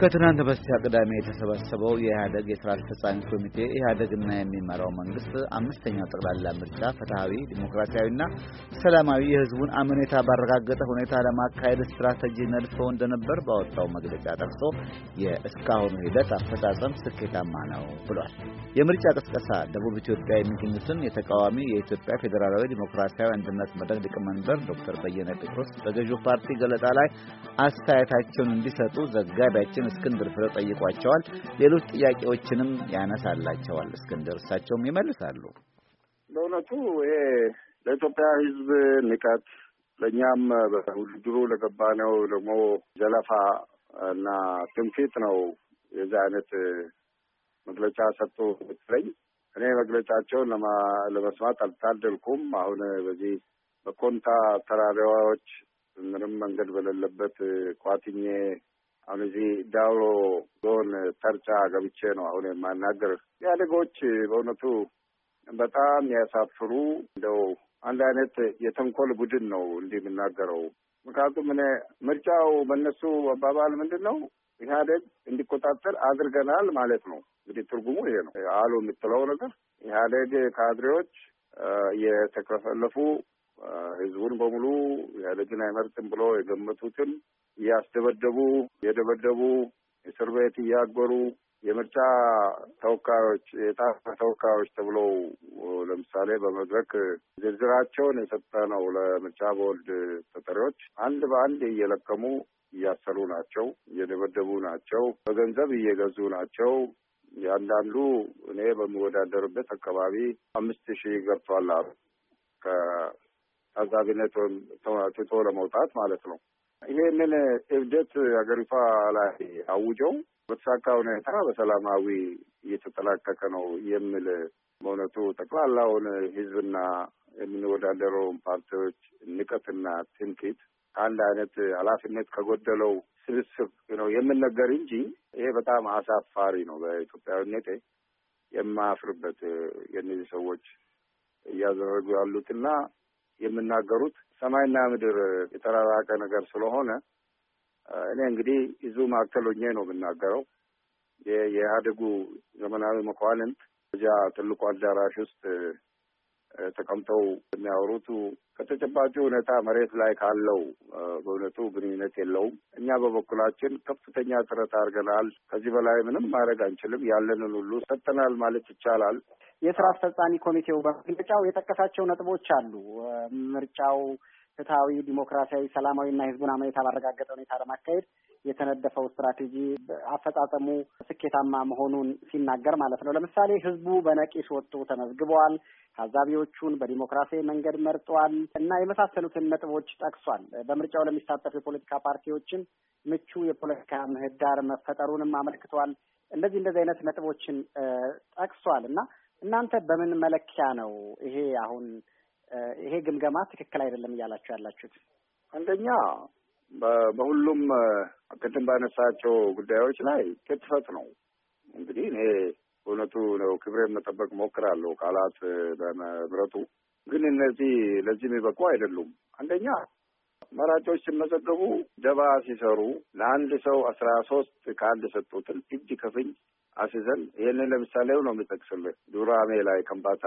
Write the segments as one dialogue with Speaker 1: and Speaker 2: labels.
Speaker 1: ከትናንት በስቲያ ቅዳሜ የተሰበሰበው የኢህአደግ የሥራ አስፈጻሚ ኮሚቴ ኢህአደግና የሚመራው መንግስት አምስተኛው ጠቅላላ ምርጫ ፍትሐዊ፣ ዲሞክራሲያዊና ሰላማዊ የህዝቡን አመኔታ ባረጋገጠ ሁኔታ ለማካሄድ ስትራቴጂ ነድፎ እንደነበር ባወጣው መግለጫ ጠቅሶ የእስካሁኑ ሂደት አፈጻጸም ስኬታማ ነው ብሏል። የምርጫ ቅስቀሳ ደቡብ ኢትዮጵያ የሚገኙትን የተቃዋሚ የኢትዮጵያ ፌዴራላዊ ዲሞክራሲያዊ አንድነት መድረክ ሊቀመንበር ዶክተር በየነ ጴጥሮስ በገዢው ፓርቲ ገለጣ ላይ አስተያየታቸውን እንዲሰጡ ዘጋቢያችን እስክንድር ፍሬው ጠይቋቸዋል። ሌሎች ጥያቄዎችንም ያነሳላቸዋል እስክንድር፣ እሳቸውም ይመልሳሉ።
Speaker 2: በእውነቱ ይሄ ለኢትዮጵያ ሕዝብ ንቀት ለእኛም በውድድሩ ለገባነው ደግሞ ዘለፋ እና ትንፊት ነው። የዚህ አይነት መግለጫ ሰጡ ምትለኝ እኔ መግለጫቸውን ለመስማት አልታደልኩም። አሁን በዚህ በኮንታ ተራራዎች ምንም መንገድ በሌለበት ኳትኜ አሁን እዚህ ዳውሮ ዞን ተርጫ ገብቼ ነው አሁን የማናገር። ኢህአዴጎች በእውነቱ በጣም ያሳፍሩ እንደው አንድ አይነት የተንኮል ቡድን ነው እንዲህ የምናገረው። ምክንያቱም እኔ ምርጫው በእነሱ አባባል ምንድን ነው ኢህአዴግ እንዲቆጣጠር አድርገናል ማለት ነው። እንግዲህ ትርጉሙ ይሄ ነው አሉ የምትለው ነገር ኢህአዴግ ካድሬዎች የተከፈለፉ ህዝቡን በሙሉ ኢህአዴግን አይመርጥም ብሎ የገመቱትን እያስደበደቡ እየደበደቡ እስር ቤት እያጎሩ የምርጫ ተወካዮች የጣፋ ተወካዮች ተብለው ለምሳሌ በመድረክ ዝርዝራቸውን የሰጠ ነው ለምርጫ ቦርድ ተጠሪዎች አንድ በአንድ እየለቀሙ እያሰሩ ናቸው፣ እየደበደቡ ናቸው፣ በገንዘብ እየገዙ ናቸው። ያንዳንዱ እኔ በሚወዳደርበት አካባቢ አምስት ሺህ ገብቷል አሉ ከታዛቢነት ወይም ትቶ ለመውጣት ማለት ነው። ይሄንን እብደት ሀገሪቷ ላይ አውጀው በተሳካ ሁኔታ በሰላማዊ እየተጠላቀቀ ነው የሚል በእውነቱ ጠቅላላውን ህዝብና የምንወዳደረውን ፓርቲዎች ንቀትና ትንኪት አንድ አይነት ኃላፊነት ከጎደለው ስብስብ ነው የምንነገር እንጂ ይሄ በጣም አሳፋሪ ነው። በኢትዮጵያዊነቴ የማፍርበት የእነዚህ ሰዎች እያደረጉ ያሉትና የምናገሩት ሰማይና ምድር የተራራቀ ነገር ስለሆነ እኔ እንግዲህ ይዙ ማከሎኜ ነው የምናገረው። የኢህአዴጉ ዘመናዊ መኳንንት እዚያ ትልቁ አዳራሽ ውስጥ ተቀምጠው የሚያወሩቱ ከተጨባጭ ሁኔታ መሬት ላይ ካለው በእውነቱ ግንኙነት የለውም። እኛ በበኩላችን ከፍተኛ ጥረት አድርገናል። ከዚህ በላይ ምንም ማድረግ አንችልም። ያለንን ሁሉ ሰጥተናል ማለት ይቻላል። የስራ አስፈጻሚ ኮሚቴው በመግለጫው የጠቀሳቸው ነጥቦች አሉ። ምርጫው
Speaker 1: ፍትሐዊ፣ ዲሞክራሲያዊ፣ ሰላማዊና ህዝቡን አመኔታ ባረጋገጠ ሁኔታ ለማካሄድ የተነደፈው ስትራቴጂ አፈጻጸሙ ስኬታማ መሆኑን ሲናገር ማለት ነው። ለምሳሌ ህዝቡ በነቂስ ወጥቶ ተመዝግበዋል፣ ታዛቢዎቹን በዲሞክራሲያዊ መንገድ መርጠዋል እና የመሳሰሉትን ነጥቦች ጠቅሷል። በምርጫው ለሚሳተፉ የፖለቲካ ፓርቲዎችን ምቹ የፖለቲካ ምህዳር መፈጠሩንም አመልክቷል። እንደዚህ እንደዚህ አይነት ነጥቦችን ጠቅሷል እና እናንተ በምን መለኪያ ነው ይሄ አሁን ይሄ ግምገማ ትክክል አይደለም እያላችሁ ያላችሁት?
Speaker 2: አንደኛ በሁሉም ቅድም ባነሳቸው ጉዳዮች ላይ ክትፈት ነው። እንግዲህ እኔ እውነቱ ነው ክብሬን መጠበቅ ሞክራለሁ ቃላት በመብረቱ ግን እነዚህ ለዚህ የሚበቁ አይደሉም። አንደኛ መራጮች ሲመዘገቡ ደባ ሲሰሩ ለአንድ ሰው አስራ ሶስት ከአንድ የሰጡትን እጅ ከፍንጅ አስይዘን ይህንን ለምሳሌው ነው የሚጠቅስልህ ዱራሜ ላይ ከምባታ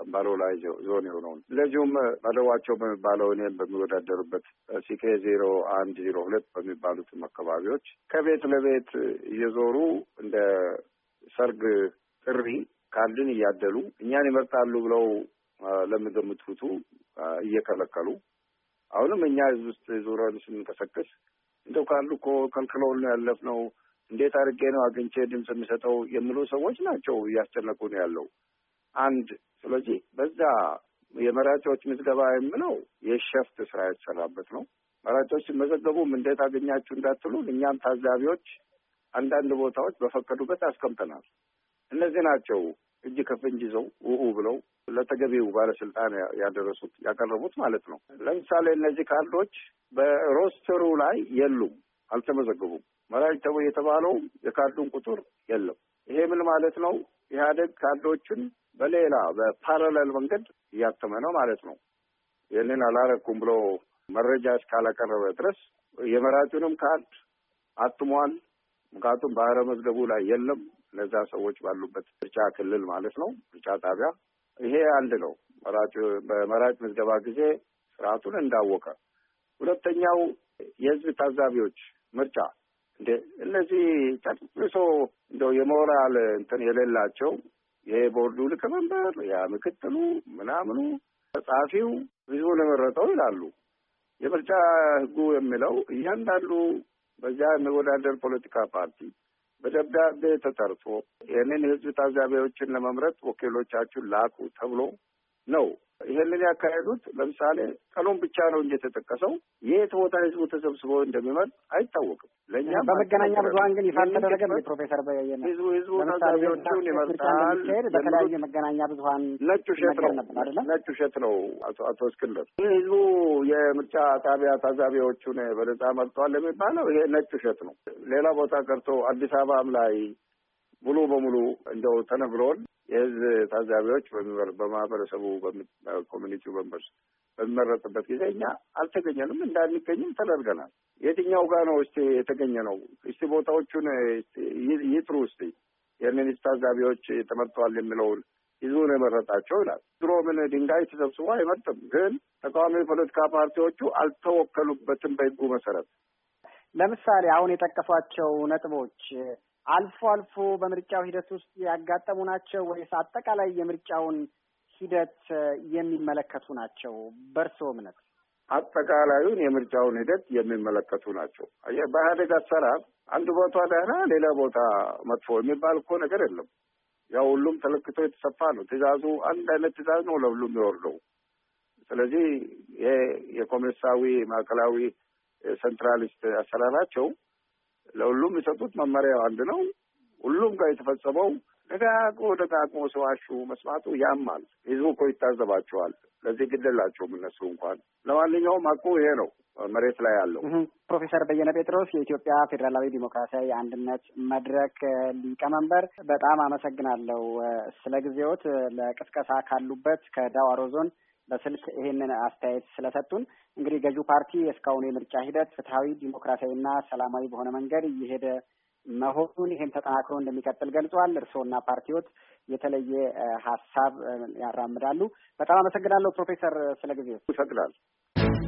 Speaker 2: ጠንባሎ ላይ ዞን የሆነውን እንደዚሁም መደዋቸው በሚባለው እኔም በሚወዳደሩበት ሲኬ ዜሮ አንድ ዜሮ ሁለት በሚባሉትም አካባቢዎች ከቤት ለቤት እየዞሩ እንደ ሰርግ ጥሪ ካልድን እያደሉ እኛን ይመርጣሉ ብለው ለምገምትቱ እየከለከሉ አሁንም እኛ ህዝብ ውስጥ ዙረን ስንንቀሳቀስ እንደው ካሉ እኮ ከልክለውን ያለፍነው እንዴት አድርጌ ነው አግኝቼ ድምፅ የሚሰጠው የሚሉ ሰዎች ናቸው እያስጨነቁ ነው ያለው አንድ። ስለዚህ በዛ የመራጮች ምዝገባ የምለው የሸፍት ስራ የተሰራበት ነው። መራጮች ሲመዘገቡም እንዴት አገኛችሁ እንዳትሉ እኛም ታዛቢዎች አንዳንድ ቦታዎች በፈቀዱበት አስቀምጠናል። እነዚህ ናቸው እጅ ከፍንጅ ይዘው ውሁ ብለው ለተገቢው ባለስልጣን ያደረሱት ያቀረቡት ማለት ነው። ለምሳሌ እነዚህ ካርዶች በሮስተሩ ላይ የሉም፣ አልተመዘገቡም። መራጭ ተብሎ የተባለው የካርዱን ቁጥር የለም። ይሄ ምን ማለት ነው? ኢህአደግ ካርዶችን በሌላ በፓራለል መንገድ እያተመ ነው ማለት ነው። ይህንን አላረኩም ብሎ መረጃ እስካላቀረበ ድረስ የመራጩንም ካርድ አትሟል። ምክንያቱም ባህረ መዝገቡ ላይ የለም። እነዛ ሰዎች ባሉበት ምርጫ ክልል ማለት ነው፣ ምርጫ ጣቢያ። ይሄ አንድ ነው። በመራጭ ምዝገባ ጊዜ ስርዓቱን እንዳወቀ። ሁለተኛው የህዝብ ታዛቢዎች ምርጫ እንደ እነዚህ ጨርሶ እንደው የሞራል እንትን የሌላቸው የቦርዱ ቦርዱ ሊቀመንበር ያ ምክትሉ ምናምኑ ጸሐፊው ብዙ ለመረጠው ይላሉ። የምርጫ ህጉ የሚለው እያንዳንዱ በዚያ የሚወዳደር ፖለቲካ ፓርቲ በደብዳቤ ተጠርቶ ይህንን የህዝብ ታዛቢዎችን ለመምረጥ ወኪሎቻችሁን ላኩ ተብሎ ነው ይሄንን ያካሄዱት ለምሳሌ ቀኑን ብቻ ነው እየተጠቀሰው የት ቦታ ህዝቡ ተሰብስቦ እንደሚመርጥ አይታወቅም። ለእኛ በመገናኛ ብዙሀን ግን ይፋ ተደረገ።
Speaker 1: ፕሮፌሰር በየነ ህዝቡ ህዝቡ ታዛቢዎቹን ይመርጣል። በተለያዩ የመገናኛ ብዙኃን ነጩ ሸት ነው
Speaker 2: ነጭ ውሸት ነው። አቶ አቶ እስክንድር ይህ ህዝቡ የምርጫ ጣቢያ ታዛቢዎቹን በነጻ መርጠዋል የሚባለው ይሄ ነጩ ሸት ነው። ሌላ ቦታ ቀርቶ አዲስ አበባም ላይ ሙሉ በሙሉ እንደው ተነግሮን የህዝብ ታዛቢዎች በማህበረሰቡ ኮሚኒቲው መንበርስ በሚመረጥበት ጊዜ እኛ አልተገኘንም፣ እንዳንገኝም ተደርገናል። የትኛው ጋ ነው እስቲ የተገኘ ነው? እስቲ ቦታዎቹን ይጥሩ እስቲ ይህንን ታዛቢዎች ተመርተዋል የሚለውን ህዝቡን የመረጣቸው ይላል። ድሮ ምን ድንጋይ ተሰብስቦ አይመርጥም፣ ግን ተቃዋሚ የፖለቲካ ፓርቲዎቹ አልተወከሉበትም በህጉ መሰረት።
Speaker 1: ለምሳሌ አሁን የጠቀሷቸው ነጥቦች አልፎ አልፎ በምርጫው ሂደት ውስጥ ያጋጠሙ ናቸው ወይስ አጠቃላይ የምርጫውን ሂደት የሚመለከቱ ናቸው? በእርስዎ እምነት
Speaker 2: አጠቃላዩን የምርጫውን ሂደት የሚመለከቱ ናቸው። በኢህአዴግ አሰራር አንድ ቦታ ደህና ሌላ ቦታ መጥፎ የሚባል እኮ ነገር የለም። ያው ሁሉም ተለክቶ የተሰፋ ነው። ትእዛዙ አንድ አይነት ትእዛዝ ነው ለሁሉም የወርደው። ስለዚህ ይሄ የኮሜሳዊ ማዕከላዊ ሴንትራሊስት አሰራራቸው ለሁሉም የሰጡት መመሪያው አንድ ነው። ሁሉም ጋር የተፈጸመው ደጋግሞ ደጋግሞ ሰዋሹ መስማቱ ያማል። ህዝቡ እኮ ይታዘባቸዋል። ለዚህ ግደላቸውም እነሱ እንኳን ለማንኛውም አቁ ይሄ ነው መሬት ላይ ያለው።
Speaker 1: ፕሮፌሰር በየነ ጴጥሮስ የኢትዮጵያ ፌዴራላዊ ዲሞክራሲያዊ አንድነት መድረክ ሊቀመንበር፣ በጣም አመሰግናለሁ ስለ ጊዜዎት። ለቅስቀሳ ካሉበት ከዳዋሮ ዞን በስልክ ይሄንን አስተያየት ስለሰጡን እንግዲህ ገዢው ፓርቲ እስካሁኑ የምርጫ ሂደት ፍትሐዊ፣ ና ሰላማዊ በሆነ መንገድ እየሄደ መሆኑን ይህም ተጠናክሮ እንደሚቀጥል ገልጿል። እርስዎና ፓርቲዎት የተለየ ሀሳብ ያራምዳሉ? በጣም አመሰግናለሁ ፕሮፌሰር ስለ ጊዜው ይፈቅዳል